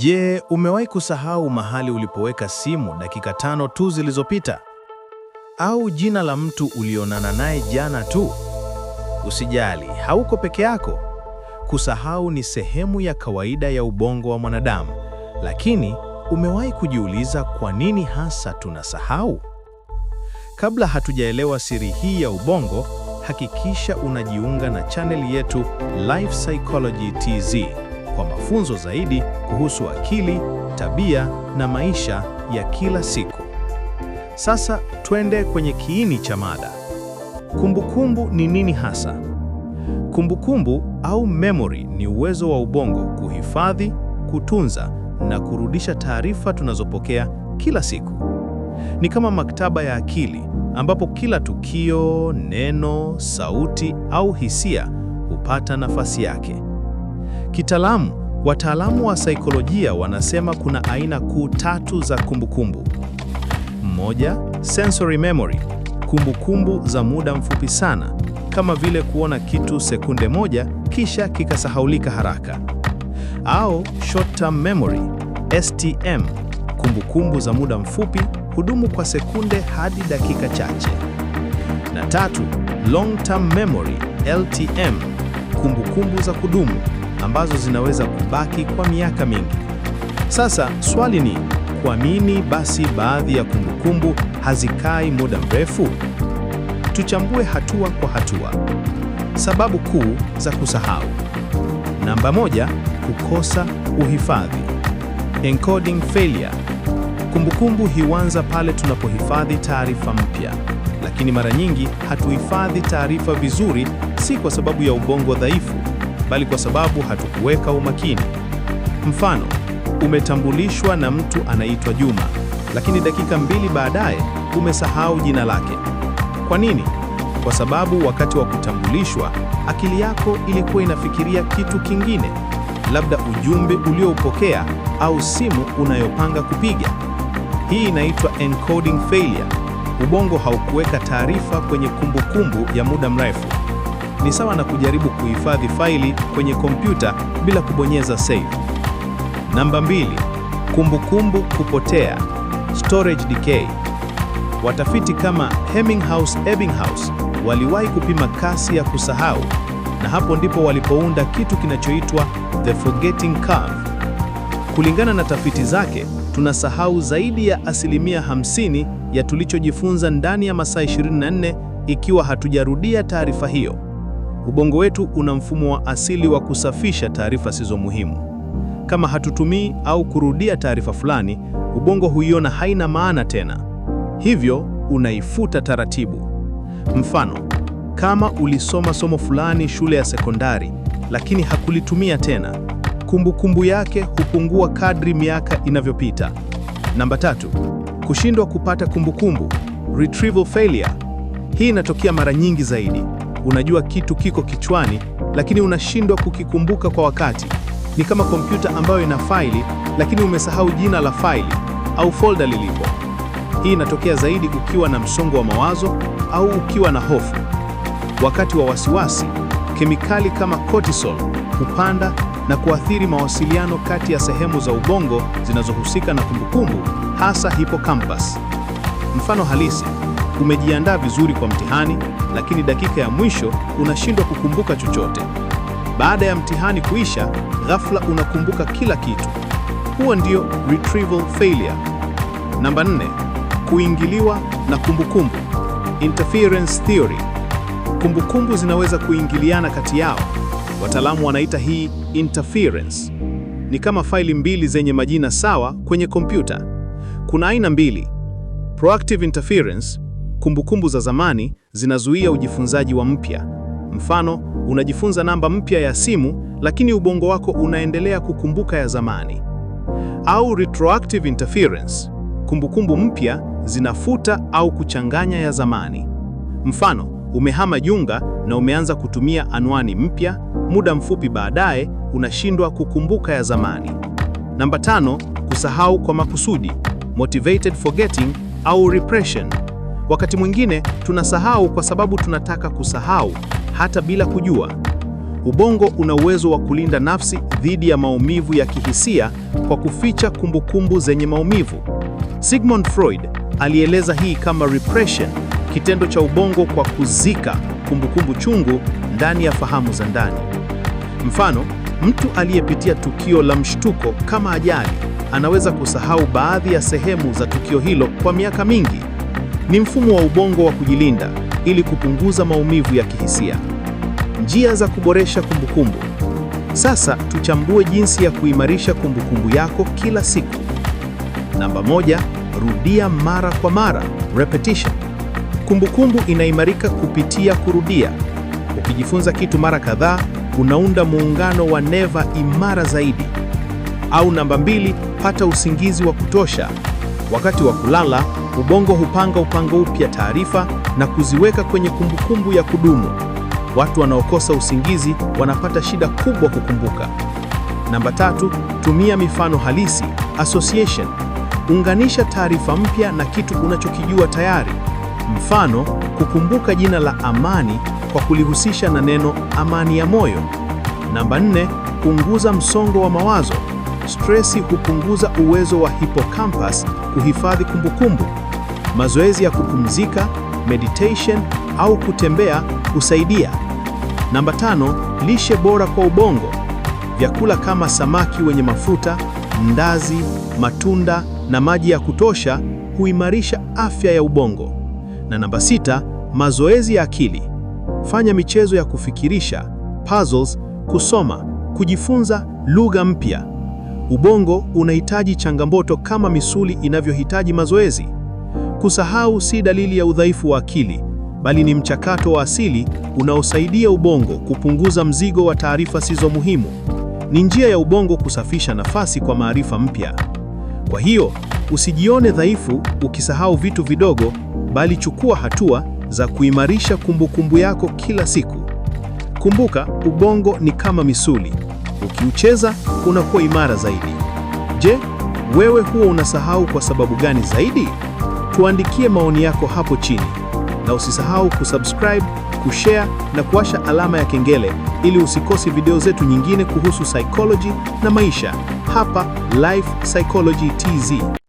Je, umewahi kusahau mahali ulipoweka simu dakika tano tu zilizopita? Au jina la mtu ulionana naye jana tu? Usijali, hauko peke yako. Kusahau ni sehemu ya kawaida ya ubongo wa mwanadamu. Lakini umewahi kujiuliza kwa nini hasa tunasahau? Kabla hatujaelewa siri hii ya ubongo, hakikisha unajiunga na chaneli yetu Life Psychology TZ kwa mafunzo zaidi kuhusu akili, tabia na maisha ya kila siku. Sasa twende kwenye kiini cha mada. Kumbukumbu ni nini hasa? Kumbukumbu au memory ni uwezo wa ubongo kuhifadhi, kutunza na kurudisha taarifa tunazopokea kila siku. Ni kama maktaba ya akili ambapo kila tukio, neno, sauti au hisia hupata nafasi yake. Kitaalamu, Wataalamu wa saikolojia wanasema kuna aina kuu tatu za kumbukumbu. Moja, sensory memory, kumbukumbu za muda mfupi sana, kama vile kuona kitu sekunde moja kisha kikasahaulika haraka, au short term memory STM, kumbukumbu za muda mfupi hudumu kwa sekunde hadi dakika chache. Na tatu, long term memory LTM, kumbukumbu za kudumu ambazo zinaweza kubaki kwa miaka mingi. Sasa swali ni kwa nini basi baadhi ya kumbukumbu hazikai muda mrefu? Tuchambue hatua kwa hatua. Sababu kuu za kusahau. Namba moja, kukosa uhifadhi. Encoding failure. Kumbukumbu hiwanza pale tunapohifadhi taarifa mpya, lakini mara nyingi hatuhifadhi taarifa vizuri, si kwa sababu ya ubongo dhaifu bali kwa sababu hatukuweka umakini. Mfano, umetambulishwa na mtu anaitwa Juma, lakini dakika mbili baadaye umesahau jina lake. Kwa nini? Kwa sababu wakati wa kutambulishwa akili yako ilikuwa inafikiria kitu kingine, labda ujumbe ulioupokea au simu unayopanga kupiga. Hii inaitwa encoding failure. Ubongo haukuweka taarifa kwenye kumbukumbu ya muda mrefu ni sawa na kujaribu kuhifadhi faili kwenye kompyuta bila kubonyeza save. Namba mbili, kumbukumbu kupotea, storage decay. Watafiti kama Hemminghaus Ebbinghaus waliwahi kupima kasi ya kusahau, na hapo ndipo walipounda kitu kinachoitwa the forgetting curve. Kulingana na tafiti zake, tunasahau zaidi ya asilimia 50 ya tulichojifunza ndani ya masaa 24 ikiwa hatujarudia taarifa hiyo. Ubongo wetu una mfumo wa asili wa kusafisha taarifa zisizo muhimu. Kama hatutumii au kurudia taarifa fulani, ubongo huiona haina maana tena, hivyo unaifuta taratibu. Mfano, kama ulisoma somo fulani shule ya sekondari lakini hakulitumia tena, kumbukumbu kumbu yake hupungua kadri miaka inavyopita. Namba tatu, kushindwa kupata kumbukumbu, retrieval failure. Hii inatokea mara nyingi zaidi. Unajua kitu kiko kichwani, lakini unashindwa kukikumbuka kwa wakati. Ni kama kompyuta ambayo ina faili, lakini umesahau jina la faili au folda lilipo. Hii inatokea zaidi ukiwa na msongo wa mawazo au ukiwa na hofu. Wakati wa wasiwasi, kemikali kama cortisol hupanda na kuathiri mawasiliano kati ya sehemu za ubongo zinazohusika na kumbukumbu, hasa hippocampus. Mfano halisi Umejiandaa vizuri kwa mtihani, lakini dakika ya mwisho unashindwa kukumbuka chochote. Baada ya mtihani kuisha, ghafla unakumbuka kila kitu. Huo ndio retrieval failure. Namba nne, kuingiliwa na kumbukumbu -kumbu. interference theory. Kumbukumbu -kumbu zinaweza kuingiliana kati yao. Wataalamu wanaita hii interference. Ni kama faili mbili zenye majina sawa kwenye kompyuta. Kuna aina mbili: proactive interference Kumbukumbu za zamani zinazuia ujifunzaji wa mpya. Mfano, unajifunza namba mpya ya simu, lakini ubongo wako unaendelea kukumbuka ya zamani. Au retroactive interference, kumbukumbu mpya zinafuta au kuchanganya ya zamani. Mfano, umehama Junga na umeanza kutumia anwani mpya, muda mfupi baadaye unashindwa kukumbuka ya zamani. Namba tano, kusahau kwa makusudi, motivated forgetting au repression. Wakati mwingine tunasahau kwa sababu tunataka kusahau, hata bila kujua. Ubongo una uwezo wa kulinda nafsi dhidi ya maumivu ya kihisia kwa kuficha kumbukumbu zenye maumivu. Sigmund Freud alieleza hii kama repression, kitendo cha ubongo kwa kuzika kumbukumbu chungu ndani ya fahamu za ndani. Mfano, mtu aliyepitia tukio la mshtuko kama ajali anaweza kusahau baadhi ya sehemu za tukio hilo kwa miaka mingi. Ni mfumo wa ubongo wa kujilinda ili kupunguza maumivu ya kihisia. Njia za kuboresha kumbukumbu. Sasa tuchambue jinsi ya kuimarisha kumbukumbu yako kila siku. Namba moja, rudia mara kwa mara, repetition. Kumbukumbu inaimarika kupitia kurudia. Ukijifunza kitu mara kadhaa, unaunda muungano wa neva imara zaidi. Au namba mbili, pata usingizi wa kutosha. Wakati wa kulala, ubongo hupanga upango upya taarifa na kuziweka kwenye kumbukumbu ya kudumu. Watu wanaokosa usingizi wanapata shida kubwa kukumbuka. Namba tatu, tumia mifano halisi, association. Unganisha taarifa mpya na kitu unachokijua tayari. Mfano, kukumbuka jina la Amani kwa kulihusisha na neno amani ya moyo. Namba nne, punguza msongo wa mawazo. Stresi hupunguza uwezo wa hippocampus kuhifadhi kumbukumbu. Mazoezi ya kupumzika, meditation au kutembea husaidia. Namba tano, lishe bora kwa ubongo. Vyakula kama samaki wenye mafuta, ndazi, matunda na maji ya kutosha huimarisha afya ya ubongo. Na namba sita, mazoezi ya akili. Fanya michezo ya kufikirisha, puzzles, kusoma, kujifunza lugha mpya. Ubongo unahitaji changamoto kama misuli inavyohitaji mazoezi. Kusahau si dalili ya udhaifu wa akili, bali ni mchakato wa asili unaosaidia ubongo kupunguza mzigo wa taarifa sizo muhimu. Ni njia ya ubongo kusafisha nafasi kwa maarifa mpya. Kwa hiyo, usijione dhaifu ukisahau vitu vidogo, bali chukua hatua za kuimarisha kumbukumbu yako kila siku. Kumbuka, ubongo ni kama misuli ukiucheza unakuwa imara zaidi. Je, wewe huwa unasahau kwa sababu gani zaidi? Tuandikie maoni yako hapo chini na usisahau kusubscribe, kushare na kuwasha alama ya kengele ili usikose video zetu nyingine kuhusu psychology na maisha hapa Life Psychology TZ.